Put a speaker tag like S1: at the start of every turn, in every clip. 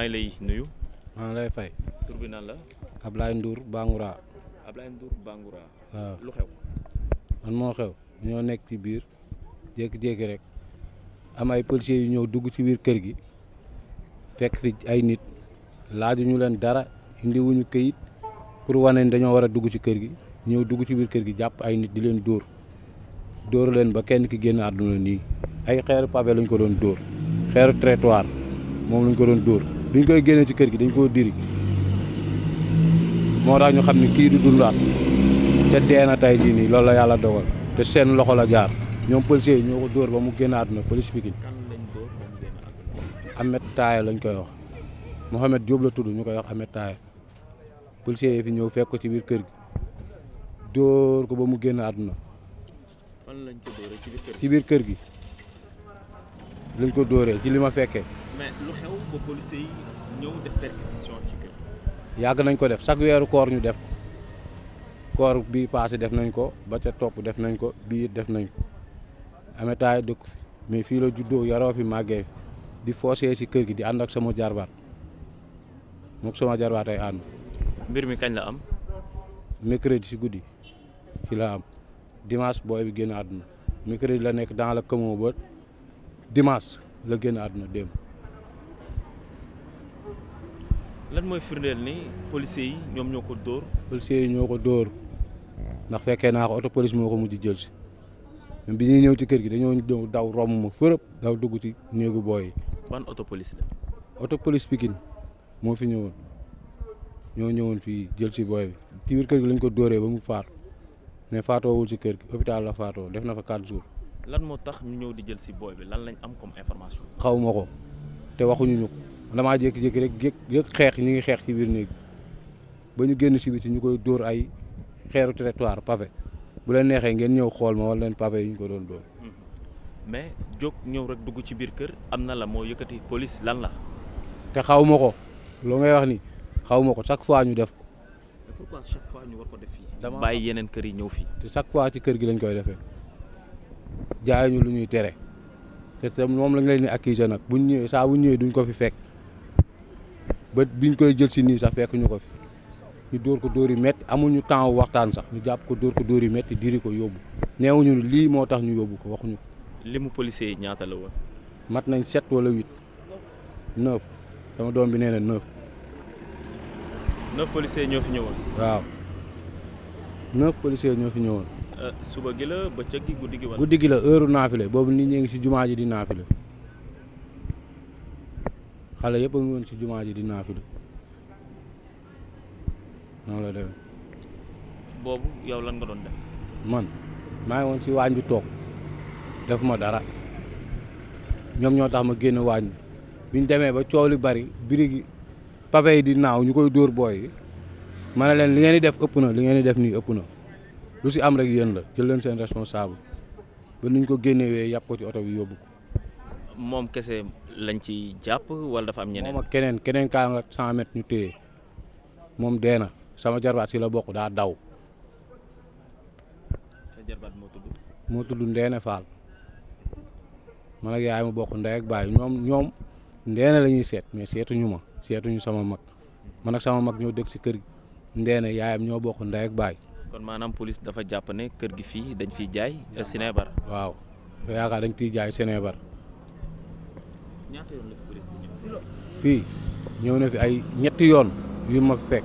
S1: maa ngi lay nuyu. maa ngi lay la. Ablaye Ndour Bangoura.
S2: Ablaye Ndour Bangoura.
S1: waaw lu man moo xew ñoo nekk ci biir jékki-jékki rek am ay policiers yu ñëw dugg ci biir kër gi fekk fi ay nit laaju ñu leen dara indiwuñu këyit pour wane ne dañoo war a dugg ci kër gi ñëw dugg ci biir kër gi jàpp ay nit di leen dóor dóor leen ba kenn ki génn àdduna nii ay xeeru pavé lañ ko doon dóor xeeru trottoir moom lañ ko doon dóor. biñ koy génnee ci kër gi dañ koo diri moo tax ñu xam ne kii du dundaat te dee na tey jii nii loolu la yàlla dogal te seen loxo la jaar ñoom policier yi ñoo ko dóor ba mu génn àdduna police Pikine Ahmed Taye lañ koy wax Mohamed Diop la tudd ñu koy wax Ahmed Taye policier yi fi ñëw fekko ci biir kër gi dóor ko ba mu génn àdduna ci biir kër gi lañ ko dóoree ci li ma fekkee
S2: ba policiers
S1: yàgg nañ ko def chaque weeru koor ñu def koor bii passé def nañ ko ba ca topp def nañ ko bii def nañ ko ametaay dëkk fi mais fii la juddoo yaroo fi màggee di foosee si kër gi di ànd ak sama jarbaat mook sama jarbaat ay
S2: mbir mi kañ la am.
S1: mercredi ci guddi fi la am dimanche booy bi génn àdduna mercredi la nekk dans la camo ba dimanche la génn àdduna démb.
S2: lan mooy firndeel ni policiers yi ñoom ñoo ko dóor.
S1: policiers yi ñoo ko dóor ndax fekkee naa ko oto police moo ko mujj jël si bi ñuy ñëw ci kër gi dañoo daw romb ma fërëb daw dugg ci néegu booy yi.
S2: ban oto police la.
S1: oto police moo fi ñëwoon ñoo ñëwoon fii jël si booy bi ci biir kër gi lañ ko dóoree ba mu faatu mais faatoowul ci kër gi hôpital la faatoo def na fa 4 jours.
S2: lan moo tax ñu ñëw di jël si booy bi lan lañ am comme information.
S1: xaw ma ko te waxuñu damaa jékki-jékki rek yëg yëg xeex ñu ngi xeex ci biir néeg ba ñu génn si biti ñu koy dóor ay xeeru trottoir pavé bu leen neexee ngeen ñëw xool ma wala leen pavé yi ñu ko doon dóor. Mm-hmm.
S2: mais jóg ñëw rek dugg ci biir kër am na la moo yëkkati police lan la.
S1: te xaw ma ko loo ngay wax ni xaw ma ko chaque fois ñu def ko.
S2: mais fois ñu war ko def fii. dama bàyyi yeneen kër yi ñëw fii.
S1: te chaque fois ci kër gi lañ koy defee jaayuñu lu ñuy tere te moom lañ leen di accuser nag buñ ñëwee saa bu ñëwee duñ ko fi fekk. ba biñ koy jël si nii sax fekk ko fi ñu dóor ko dóor yi métti amuñu temps waxtaan sax ñu jàpp ko dóor ko dóor yi métti diri ko yóbbu neewuñu lii moo tax ñu yóbbu ko waxuñu ko.
S2: limu policiers yi ñaata la woon.
S1: mat nañ sept wala huit neuf sama doom bi nee na neuf.
S2: neuf ñoo fi ñëwoon.
S1: waaw neuf policiers ñoo fi ñëwoon.
S2: Euh, suba gi la bëccëg gi guddi gi wala. guddi gi la
S1: heure naafile boobu nit ñi ngi si jumaa ji di naafile. xale yëpp a ngi woon ci jumaa ji di naafilu noonu la demee.
S2: boobu yow lan nga doon def.
S1: man maa ngi woon ci waañ bi toog def ma dara ñoom ñoo tax ma génn waañ bi biñ demee ba coow li bari birigi pape yi di naaw ñu koy dóor booy yi ne leen li ngeen di def ëpp na li ngeen di def nii ëpp na lu si am rek yéen la jël leen seen responsable ba nuñ ko génnewee yàpp ko ci oto bi yóbbu
S2: moom kese lañ ci jàpp wala dafa am ñeneen. moom ak keneen
S1: keneen kaa nga 100 mètres ñu téye moom dee na sama jarbaat si la bokk daa daw.
S2: sa jarbaat moo tudd.
S1: moo tudd Ndeene Fall man ak yaay ma bokk ndey ak baay ñoom ñoom Ndeene la seet mais seetuñu ma seetuñu sama mag man ak sama mag ñoo dëkk si kër gi Ndeene yaayam ñoo bokk ndey baay.
S2: kon maanaam police dafa jàpp ne kër gi fii dañ fi jaay euh, Sénébar. waaw
S1: yaakaar dañ fiy jaay Sénébar.
S2: ñaata yoon la ñëw.
S1: fii ñëw na fi ay ñetti yoon yu ma fekk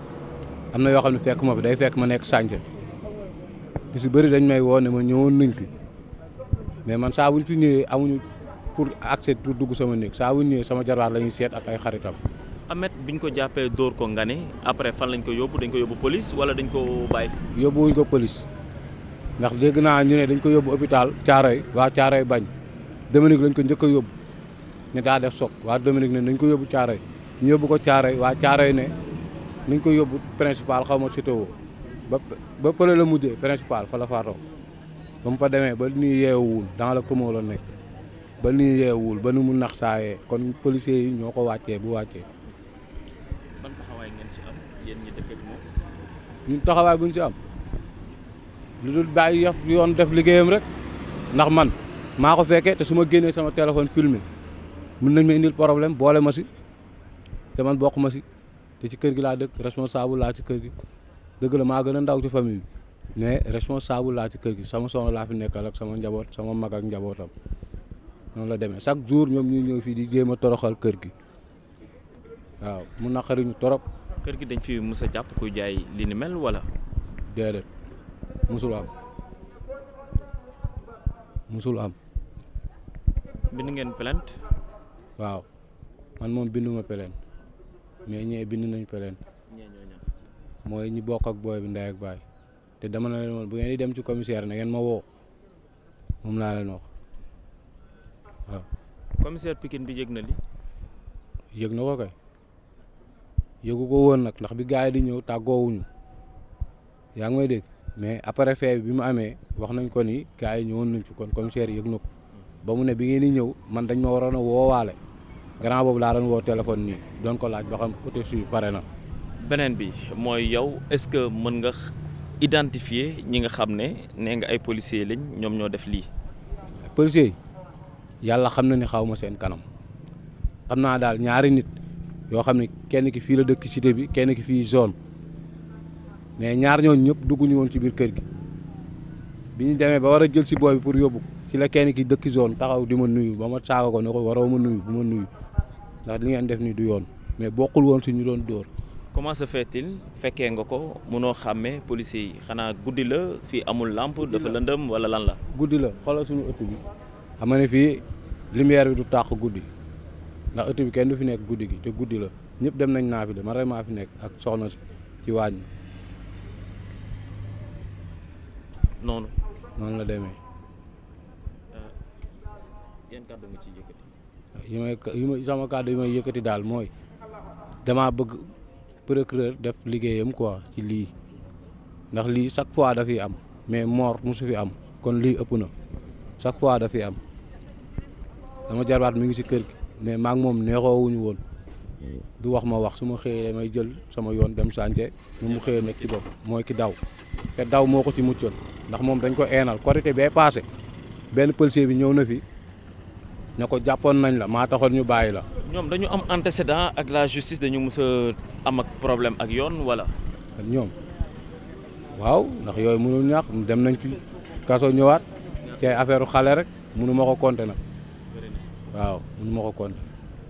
S1: am na yoo xam ne fekk ma fi day fekk ma nekk sànce bi si bëri dañ may woo ne ma ñëwoon nañ fi mais man saa wuñ fi ñëwee amuñu pour accès pour dugg sama néeg saa ñëwee sama jarwaar la ñuy seet ak ay xaritam.
S2: Amet biñ ko jàppee dóor ko nga ne après fan lañ ko yóbbu dañ ko yóbbu police wala dañ ko bàyyi.
S1: yóbbuwuñ ko ndax dégg naa ñu ne dañ ko yóbbu hôpital Caaroy waa caaray bañ Dominique lañ ko njëkk a yóbbu. ni daa def soog waa Dominique ne nañ ko yóbbu caaray ñu yóbbu ko Caaroy waa Caaroy ne nañ ko yóbbu principal xaw ma sitoo ba ba pële la mujjee principal fa la faatoo demee ba nuy yeewuwul dans le coma la nekk ba nuy yeewuwul ba nu mu nax saayee kon policiers yi ñoo ko wàccee bu wàccee.
S2: ban taxawaay ngeen ci am yéen ñi dëkk ak moom.
S1: ñun taxawaay buñ ci am lu dul bàyyi yoon def liggéeyam rek ndax man maa ko fekkee te su ma génnee sama téléphone filmé. mën nañ ma indil problème boole ma si te man bokk ma si te ci kër gi laa dëkk saabu laa ci kër gi dëgg la maa gën a ndaw ci famille bi mais saabu laa ci kër gi sama soxna laa fi nekkal ak sama njaboot sama mag ak njabootam noonu la demee chaque jour ñoom ñuy ñëw fii di jéem a toroxal kër gi waaw mu naqariñu torop
S2: kër gi dañ fi mës jàpp kuy jaay li ni mel wala.
S1: déedéet musul am musul am. bind ngeen waaw man moom binduma peleen mais ñee bind nañ peleen mooy ñi bokk ak booy bi ndey ak baay te dama na leen woon bu ngeen di dem ci commissaire na ngeen ma woo moom laa leen wax waaw. bi yëg na li. yëg na ko yëgu ko woon nag ndax bi gars yi di ñëw tàggoowuñu yaa ngi may dégg mais après fee bi mu amee wax nañ ko ni gars yi ñëwoon nañ fi kon commissaire yëg na ko ba mu ne bi ngeen di ñëw man dañ ma waroon a woowaale. grand boobu laa doon woo téléphone nii doon ko laaj ba xam autopsie bi pare na.
S2: beneen bi mooy yow est-ce que mën nga identifier ñi nga xam ne nee nga ay policiers lañ ñoom ñoo def lii.
S1: policiers yàlla xam na ne xaw ma seen kanam xam naa daal ñaari nit yoo xam ne kenn ki fii la dëkk cité bi kenn ki fii zone mais ñaar ñooñu ñëpp dugguñu woon ci biir kër gi bi ñu demee ba war a jël si booy bi pour yóbbu ci la kenn ki dëkk zone taxaw di ma nuyu ba ma saaga ko ne ma nuyu bu nuyu. ndax li ngeen def ni du yoon mais bokkul woon ñu doon dóor.
S2: comment se fekkee nga ko mënoo xàmmee policiers yi xanaa guddi la fii amul làmp dafa lëndëm wala lan la.
S1: guddi la xoolal suñu ëtt bi xam nga ne fii lumière bi du tàq guddi ndax ëtt bi fi nekk guddi gi guddi la ñëpp dem nañ naa fi de man rek maa fi nekk ak soxna si ci waañ noonu. noonu la demee.
S2: Euh, yan kàddu nga ci
S1: yu may yu may sama kàddu yu may yëkkati daal mooy damaa bëgg procureur def liggéeyam quoi ci lii ndax lii chaque fois da dafiy am mais mu su fi am kon lii ëpp na chaque fois da dafiy am dama jarbaat mi ngi si kër gi mais maa ngi moom neexoowuñu woon du wax ma wax su ma xëyee may jël sama yoon dem sànce ñu mu xëyee nekk ci bopp mooy ki daw te daw moo ko ci muccoon ndax moom dañ ko eenal korité bee paase benn policier bi ñëw na fi ne ko jàppoon nañ la maa taxoon ñu bàyyi la.
S2: ñoom dañu am antécédent ak la justice dañu mës a am ak problème ak yoon wala.
S1: ak ñoom waaw ndax yooyu mënul ñaax dem nañ fi kaso ñëwaat ci ay affaire xale rek mënu ma ko compter nag waaw mënu ma ko compter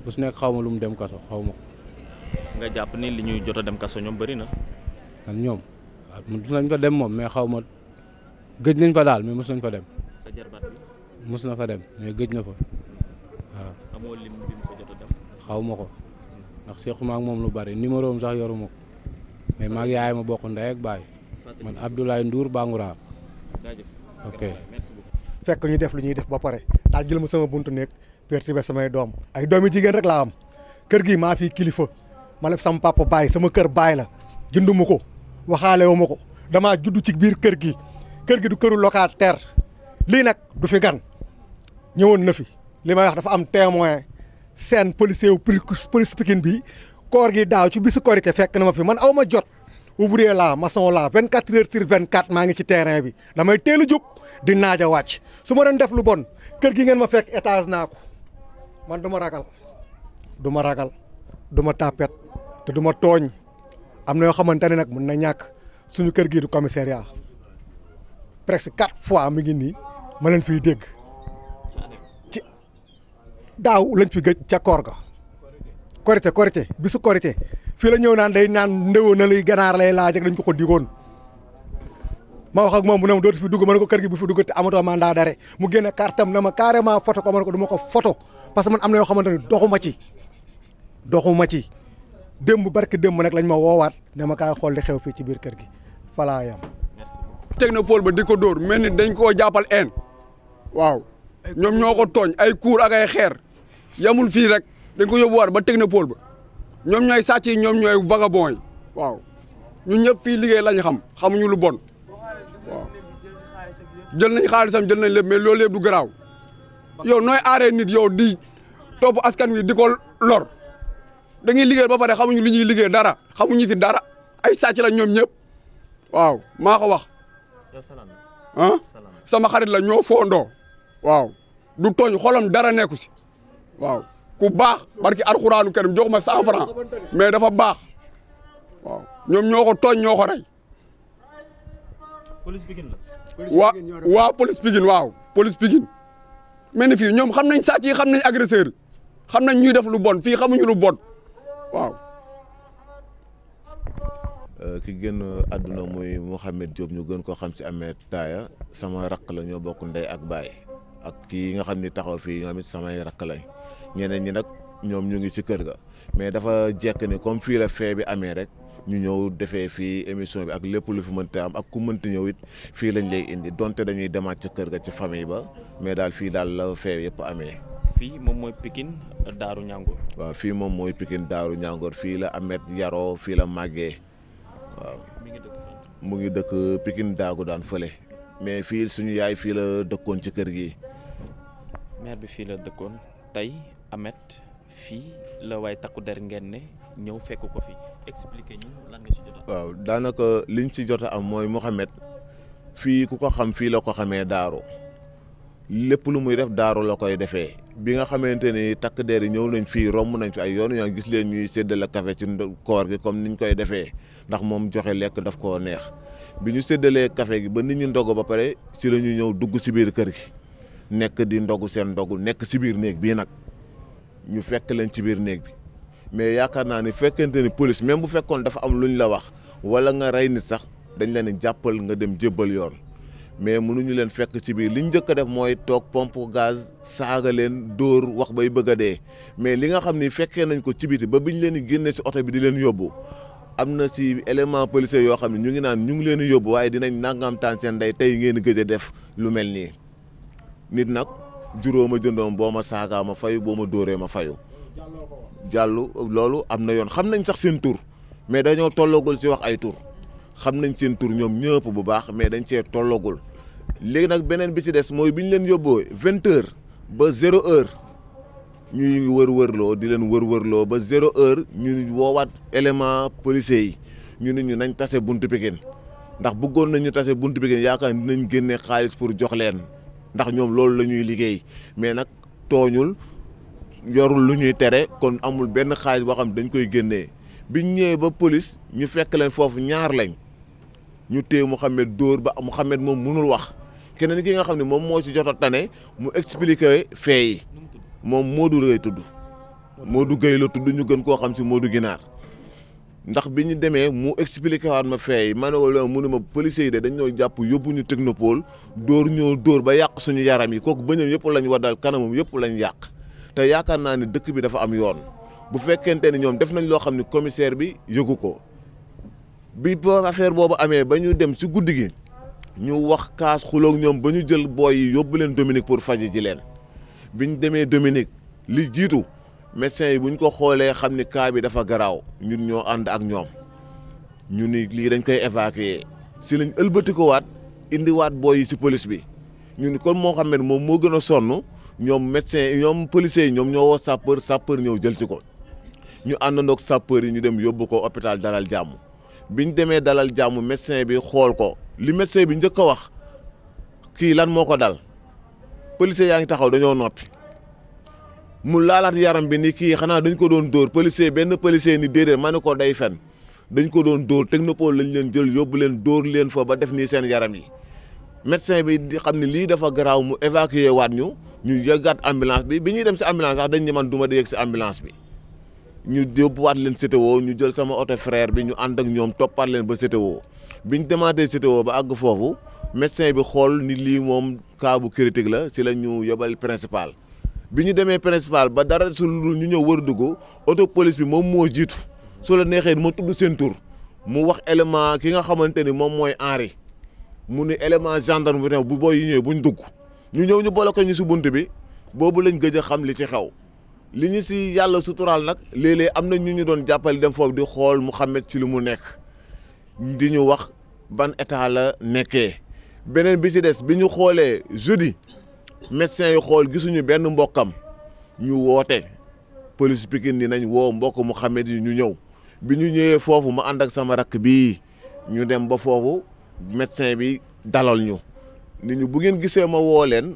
S1: bu su nekk xaw ma lu mu dem kaso xaw ma
S2: nga jàpp ni li ñuy jot dem kaso ñoom bëri na.
S1: kan ñoom waaw ah, mos nañ fa dem moom mais xaw ma gëj nañ fa daal mais mos nañ fa dem. sa jarbaat bi na fa gëj na fa. moo xaw ma ko ndax sequma ak moom lu bari numéro am sax yoruma ko mais maag yaay ma bokk ndey ak baay man Abdoulaye Ndour Bangoura. ok fekk ñu def lu ñuy def ba pare
S3: daal jël ma sama buntu nekk perturber samay doom ay doomi jigéen rek laa am kër gi maa fi kilifa ma lef sama papa baay sama kër baay la jënduma ko waxaale wu ma ko damaa judd ci biir kër gi kër gi du këru locataire lii nag du fi gan ñëwoon na fi li may wax dafa am témoin seen policier wu police Pikine bi koor gi daaw ci bisu korité fekk na ma fi man aw ma jot ouvrier la maçon la 24 heures sur 24 maa ngi ci terrain bi damay teel a jóg di naaj a wàcc su ma doon def lu bon kër gi ngeen ma fekk étage naa ko man du ragal du ma ragal du ma tàppet te duma tooñ am na yoo xamante ne nag mën na ñàkk suñu kër gii du commissariat presque quatre fois mi ngi nii ma leen fii dégg. daaw lañ fi gëj ca koor ga korité korité bisu korité fii la ñëw naan day naan ndewoo na lay ganaar lay laaj ak dañ ko ko digoon ma wax ak moom mu ne ma dootu fi dugg ma ne ko kër gi bu fi dugg te amatoo mandat d'arrêt mu génne kartam ma carrément photo ko ma ne ko ko photo parce que man am na yoo xamante ne doxuma ci doxuma ci démb barki démb nag lañ ma woowaat ne ma kaay xool li xew fii ci biir kër gi falaa yam
S4: technopole ba di ko dóor mel ni dañ koo jàppal en waaw ñoom ñoo ko tooñ ay kuur ak xeer yamul fii rek dañ ko yóbbuwaat ba technopole ba ñoom ñooy sàcc yi ñoom ñooy vagabond yi waaw ñun ñëpp fii liggéey lañ xam xamuñu lu bon waaw jël nañ xaalisam jël nañ lépp mais loolu yëpp du garaaw yow nooy aaree nit yow di topp askan wi di ko lor dañuy liggéey ba pare xamuñu lu ñuy liggéey dara xamuñu ci dara ay sàcc la ñoom ñëpp waaw maa ko wax ah sama xarit la ñoo foondoo waaw du tooñ xolam dara nekku si waaw ku baax barki alxuraanu karim jox ma cent franc mais dafa baax waaw ñoom ñoo ko tooñ ñoo ko rey. police Pikine la. waa police Pikine waaw police Pikine. mais fii ñoom xam nañ sàcc yi xam nañ agresseur xam nañ ñuy def lu bon fii xamuñu lu bon waaw.
S5: Euh, ki génn àdduna muy Mouhamed Diop ñu gën koo xam si amee taaya sama rakk la ñoo bokk ndey ak baay. ak kii nga xam ni taxaw fii ñoom it samay rakk lañ ñeneen ñi nag ñoom ñu ngi ci kër ga mais dafa jekk ni comme fii la fee bi amee rek ñu ñëw defee fii émission bi ak lépp lu fi mënta am ak ku mënti ñëw it fii lañ lay indi donte dañuy demaat ci kër ga ci famille ba mais daal fii daal la fee yëpp amee.
S2: fii moom mooy Pikine Daaru Ñàngoor.
S5: waaw fii moom mooy Pikine Daaru Ñàngoor fii la Amet yaroo fii la màggee waaw. mu ngi dëkk Pikine daagu daan fële mais fii suñu yaay fii la dëkkoon ci kër gi.
S2: maire bi fii la dëkkoon tey Ameth fii la waaye takku der ngeen ne ñëw fekk ko fi expliquer ñu lan nga ci jot
S5: waaw daanaka liñ ci jot am mooy Mouhamed fii ku ko xam fii la ko xamee Darou lépp lu muy def Darou la koy defee bi nga xamante ni takk der yi ñëw nañ fii romb nañ fi ay yoon ñoo gis leen ñuy seddale café ci koor gi comme niñ koy defee ndax moom joxe lekk daf koo neex bi ñu seddalee kafe gi ba nit ñu ndogo ba pare si la ñu ñëw dugg si biir kër gi. nekk di ndogu seen ndogu nekk si biir néeg bii nag ñu fekk leen ci biir néeg bi mais yaakaar naa ni fekkente ni police même bu fekkoon dafa am lu ñu la wax wala nga rey nit sax dañ leen di jàppal nga dem jébbal yoon mais mënuñu leen fekk ci biir li ñu njëkk a def mooy toog pompe gaz saaga leen dóor wax bay bëgg a dee mais li nga xam ni fekkee nañ ko ci biti ba biñ leen di génne si oto bi di leen yóbbu am na si élément policier yoo xam ne ñu ngi naan ñu ngi leen di yóbbu waaye dinañ nangamtaan seen ndey tey ngeen gëj a def lu mel nii. nit nag juróom a jëndoom boo ma saagaa ma fayu boo ma dóoree ma fayu jàllu loolu am na yoon xam nañ sax seen tur mais dañoo tolloogul si wax ay tur xam nañ seen tur ñoom ñëpp bu baax mais dañ cee tolloogul léegi nag beneen bi si des mooy bi ñu leen yóbboo vingt ba zéro heure ñuy wër-wërloo di leen wër-wërloo ba zéro heure ñu woowaat élément policier yi ñu ne ñu nañ tase buntu Pikine ndax buggoon nañu ñu tase buntu Pikine yaakaar ni dinañ génnee xaalis pour jox leen. ndax ñoom loolu la ñuy liggéey mais nag tooñul yorul lu ñuy tere kon amul benn xaalis boo xam dañ koy génnee biñ ñëwee ba police ñu fekk leen foofu ñaar lañ ñu téye Mouhamed dóor ba Mouhamed moom mënul wax keneen ki nga xam ne moom moo ci jot a tane mu expliqué fee moom moo du Gueye tudd Modou Gueye la tudd ñu gën koo xam si moo du Ginaar. ndax bi ñu demee mu expliqué waat ma fee yi ma ne wala mu ne ma policiers yi de dañ ñoo jàpp yóbbu ñu technopole dóor ñoo dóor ba yàq suñu yaram yi kooku bëñam yëpp lañ waddal kanamam yëpp lañu yàq te yaakaar naa ne dëkk bi dafa am yoon bu fekkente ni ñoom def nañ loo xam ne commissaire bi yëgu ko bi affaire boobu amee ba ñu dem si guddi gi ñu wax kaas xuloog ñoom ba ñu jël booy yi yóbbu leen Dominique pour faji ji leen bi ñu demee Dominique li jiitu médecins yi bu ñu ko xoolee xam ni cas bi dafa garaaw ñun ñoo ànd ak ñoom ñu ni lii dañ koy évacuer si lañ ëlbati ko waat indiwaat booy si police bi ñu ni kon moo xam ne moom moo gën a sonn ñoom médecins ñoom policiers yi ñoom ñoo woo sapeur sapeur ñëw jël ci ko ñu àndandoog sapeur yi ñu dem yóbbu ko hôpital dalal jàmm ñu demee dalal jàmm médecin bi xool ko li médecin bi njëkk a wax kii lan moo ko dal policiers yaa ngi taxaw dañoo noppi. mu laalaat yaram bi ni kii xanaa dañ ko doon dóor policier benn policier ni déedéet ma ne ko day fen dañ ko doon dóor technopole lañ leen jël yóbbu leen dóor leen fa ba def nii seen yaram yi médecin bi di xam ne lii dafa garaaw mu évacuer waat ñu ñu yëggaat ambulance bi bi ñuy dem si ambulance sax dañ man duma ma di si ambulance bi ñu yóbbuwaat leen CTO ñu jël sama oto frère bi ñu ànd ak ñoom toppaat leen ba CTO bi ñu demaatee CTO ba àgg foofu médecin bi xool nit lii moom kaabu bu la si la ñu yebal principal. bi ñu demee principal ba dara su lu ñu ñëw wër dugg autopolise bi moom moo jiitu su la neexee ma tudd seen tur mu wax élément ki nga xamante ni moom mooy Henri mu ni élément gendarme bi bu booy yi ñëwee buñ dugg ñu ñëw ñu bloqué ñu si bunt bi boobu lañ gëj a xam li ci xew li ñu si yàlla suturaal nag léeg-léeg am na ñu ñu doon jàppale dem foofu di xool Mouhamed ci li mu nekk di ñu wax ban état la nekkee beneen bi ci des bi ñu xoolee jeudi. médecins yu xool gisuñu benn mbokkam ñu woote police Pikine ni nañ woo mbokk Mouhamed yi ñu ñëw bi ñu ñëwee foofu ma ànd ak sama rakk bii ñu dem ba foofu médecin bi dalal ñu nit ñu bu ngeen gisee ma woo leen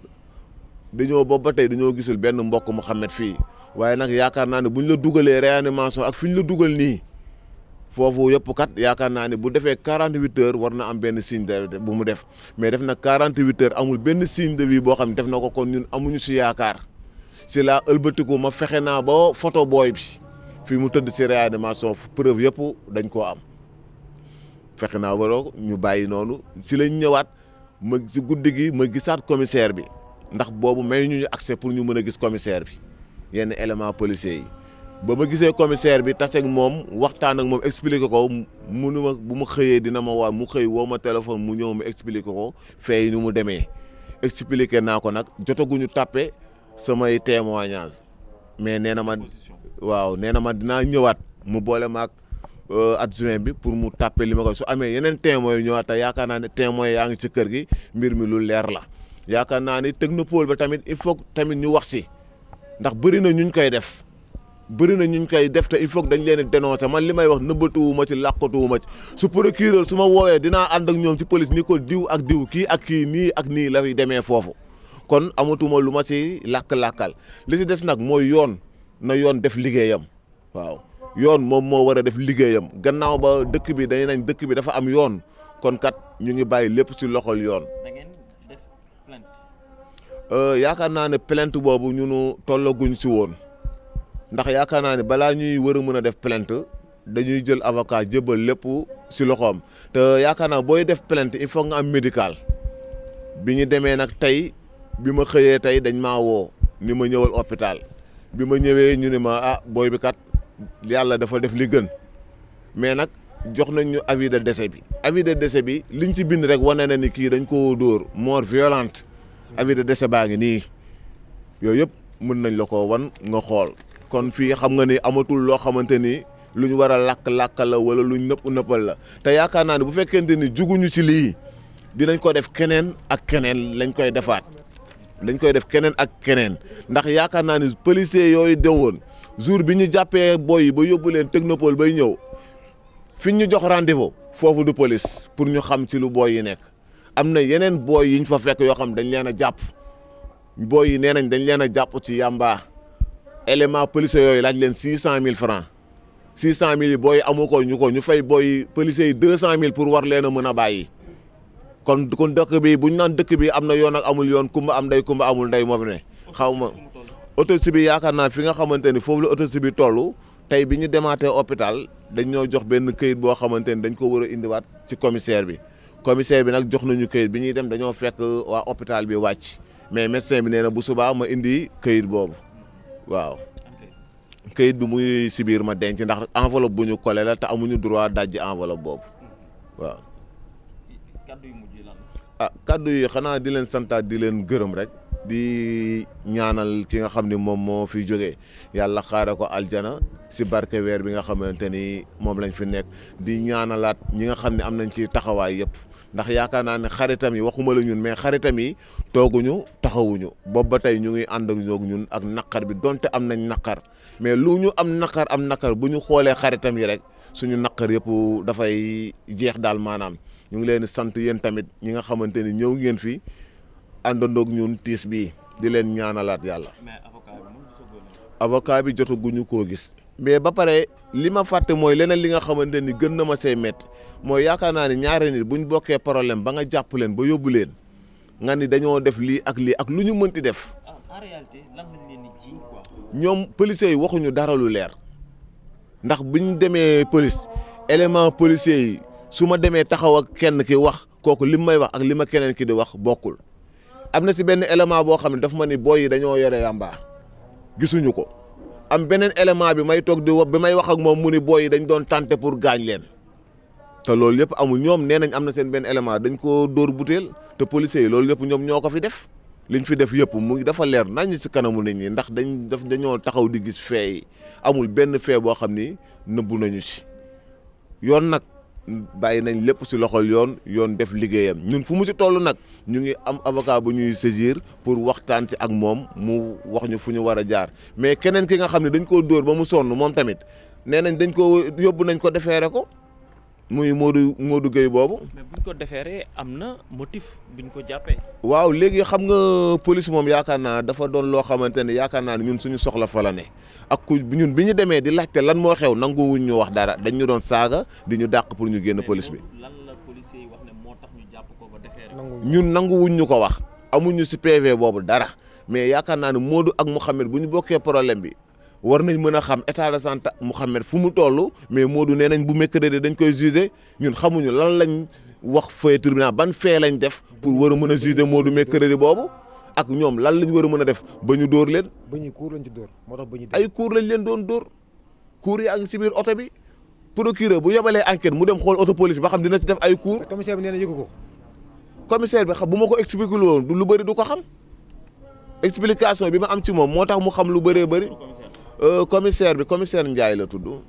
S5: dañoo ba ba tey dañoo gisul benn mbokk Mouhamed fii waaye nag yaakaar naa ne bu ñu la dugalee réanimation ak fi ñu la dugal nii foofu yëpp kat yaakaar naa ne bu defee quarante huit heures war na am benn signe de bu mu def mais def na quarante huit heures amul benn signe de boo xam ne def na ko kon ñun amuñu si yaakaar si la ëlbatiku ma fexe naa ba photo booy bi fii mu tëdd si réanimation preuve yëpp dañ koo am fexe naa waroo ñu bàyyi noonu si lañ ñëwaat ma si guddi gi ma gisaat commissaire bi ndax boobu may ñu ñu accès pour ñu mën a gis commissaire bi yenn élément policier yi ba ma gisee commissaire bi taseeg moom waxtaan ak moom expliqué ko mu nu ma bu ma xëyee dina ma waa mu xëy woo ma téléphone mu ñëw ma expliqué ko feey nu mu demee expliqué naa ko nag jotaguñu tàppe samay témoignage mais nee na ma waaw nee na ma dinaa ñëwaat mu boole maag euh, adjoint bi pour mu tàppe li ma ko su amee yeneen témoins yu ñëwaat yaakaar naa ne témoins yaa ngi ci kër gi mbir mi lu leer la yaakaar naa ni technopole ba tamit il foog tamit ñu wax si ndax bëri na ñuñ koy def bëri na ñu koy def te il faut que dañ leen dénoncer man li may wax nëbbatuwuma ci làqatuwuma ci su procureur su ma woowee dinaa ànd ak ñoom si police ni ko diw ak diw kii ak kii nii ak nii la fi demee foofu kon amatuma lu ma ci làkk-làkkal li si des nag mooy yoon na yoon def liggéeyam waaw yoon moom moo war a def liggéeyam gannaaw ba dëkk bi dañu nañ dëkk bi dafa am yoon kon kat ñu ngi bàyyi lépp si loxol yoon. Euh, yaakaar naa ne plainte boobu ñunu tollaguñ si woon. ndax yaakaar naa ne balaa ñuy war a mën a def plainte dañuy jël avocat jëbal lépp si loxoom te yaakaar naa booy def plainte il faut nga am médical bi ñu demee nag tey bi ma xëyee tey dañ maa woo ni ma ñëwal hôpital bi ma ñëwee ñu ne ma ah booy bi kat yàlla dafa def li gën mais nag jox nañ ñu avis de bi. avis de bi liñ ci bind rek wane na ni kii dañ koo dóor moor violente avis de baa ngi nii yooyu yëpp mën nañ la ko wan nga xool. kon fii xam nga ni amatul loo xamante ni lu ñu war a lakk-lakk la wala luñ nëpp nëppal la te yaakaar naa ni bu fekkente ni juguñu ci lii dinañ ko def keneen ak keneen lañ koy defaat dañ koy def keneen ak keneen ndax yaakaar naa ni policier yooyu dewoon jour bi ñu jàppee boy ba yóbbu leen technopole bay ñëw fi ñu jox rendez-vous foofu du police pour ñu xam ci lu boy yi nekk am na yeneen boy yi ñu fa fekk yoo xam dañ leen a jàpp boy yi nee nañ dañ leen a jàpp ci yàmbaa élément policier yooyu laaj leen six cent mille francs six cent mille booy amu ko ñu ko ñu fay booy policier yi deux cent mille pour war leen a mën a bàyyi kon kon dëkk bi bu ñu naan dëkk bi am na yoon ak amul yoon kumba am ndey kumba amul ndey moom ne xaw ma autopsie bi yaakaar naa fi nga xamante ni foofu la autopsie bi toll tey bi ñu demaatee hôpital dañ ñoo jox benn këyit boo xamante ni dañ ko war a indiwaat ci commissaire bi commissaire bi nag jox nañu këyit bi ñuy dem dañoo fekk waa hôpital bi wàcc mais médecin bi nee na bu subaa ma indi këyit boobu waaw kayit bi muy si biir ma denc ndax enveloppe bu ñu collé la te amuñu droit dajji enveloppe boobu waaw. kaddu yu mujj lan ah kaddu yi xanaa di leen santaat di leen gërëm rek. di ñaanal ki nga xam ni moom moo fi jóge yàlla xaare ko aljana si barke weer bi nga xamante ni moom lañ fi nekk di ñaanalaat ñi nga xam ne am nañ ci taxawaay yëpp ndax yaakaar naa ne xaritam yi waxuma la ñun mais xaritam yi tooguñu taxawuñu boobu ba tey ñu ngi ànd ak ñun ak naqar bi donte am nañ naqar mais lu ñu am naqar am naqar bu ñu xoolee xaritam yi rek suñu naqar yëpp dafay jeex daal maanaam ñu ngi leen di sant yéen tamit ñi nga xamante ni ñëw ngeen fi àndandoog ñun tiis bii di leen ñaanalaat yàlla. avocat bi jotaguñu koo gis. mais ba pare li ma fàtte mooy leneen li nga xamante ni gën na ma see métti mooy yaakaar naa ni ñaari nit buñ bokkee problème ba nga jàpp leen ba yóbbu leen nga ni dañoo def lii ak lii ak lu ñu mënti def. Ah,
S2: di
S5: jiiñ quoi. ñoom policiers yi waxuñu dara lu leer ndax buñ demee police élément policier yi su ma demee taxaw ak kenn ki wax kooku li may wax ak li ma keneen ki di wax bokkul. am na si benn élément boo xam ne dafa ma ni booy yi dañoo yore yàmba gisuñu ko am beneen élément bi may toog di wa bi may wax ak moom mu ni booy yi dañ doon tenter pour gaañ leen te loolu yëpp amul ñoom nee nañ am na seen benn élément dañ ko dóor butéel te policiers yi loolu yëpp ñoom ñoo ko fi def liñ fi def yëpp mu dafa leer nañ si kanamu nit ñi ndax dañ daf dañoo taxaw di gis fee amul benn fee boo xam ni nëbbu nañu si yoon nag. bàyyi nañ lépp si loxol yoon yoon def liggéeyam ñun fu mu si toll nag ñu ngi am avocat bu ñuy saisir pour waxtaan si ak moom mu wax ñu fu ñu war a jaar mais keneen ki nga xam ne dañ koo dóor ba mu sonn moom tamit nee nañ dañ ko yóbbu nañ ko defeere ko muy Modou Modou Gueye boobu. mais
S2: buñ ko defeeree am na motif buñ ko jàppee.
S5: waaw léegi xam nga police moom yaakaar naa dafa doon loo xamante ne yaakaar naa ne ñun suñu soxla fa la ne ak ku ñun bi ñu demee di laajte lan moo xew nanguwuñ ñu wax dara dañ ñu doon saaga di ñu dàq pour ñu génn police bi. lan la police moo tax ñu ko ñun nanguwuñ ñu ko wax amuñu si PV boobu dara mais yaakaar naa ne Modou ak mu Mouhamed bu ñu bokkee problème bi. war nañ mën a xam état de santé Mouhamed fu mu toll mais Modou nee nañ bu mercredi dañ koy jugé ñun xamuñu lan lañ wax fee tribunal ban fee lañ def pour war a mën a jugé Modou mercredi boobu ak ñoom lan lañ war a mën a def ba ñu dóor leen. ba ñuy cour lañ ci dóor moo ba ñuy ay cour lañ leen doon dóor cour yi ak si biir oto bi procureur bu yobalee enquête mu dem xool auto police ba xam dina si def ay cour. commissaire bi ko. commissaire bi xam bu ma ko expliqué woon lu bëri du ko xam explication bi ma am ci moom moo tax mu xam lu bëree bëri. Euh, commissaire bi commissaire Ndiaye la tudd.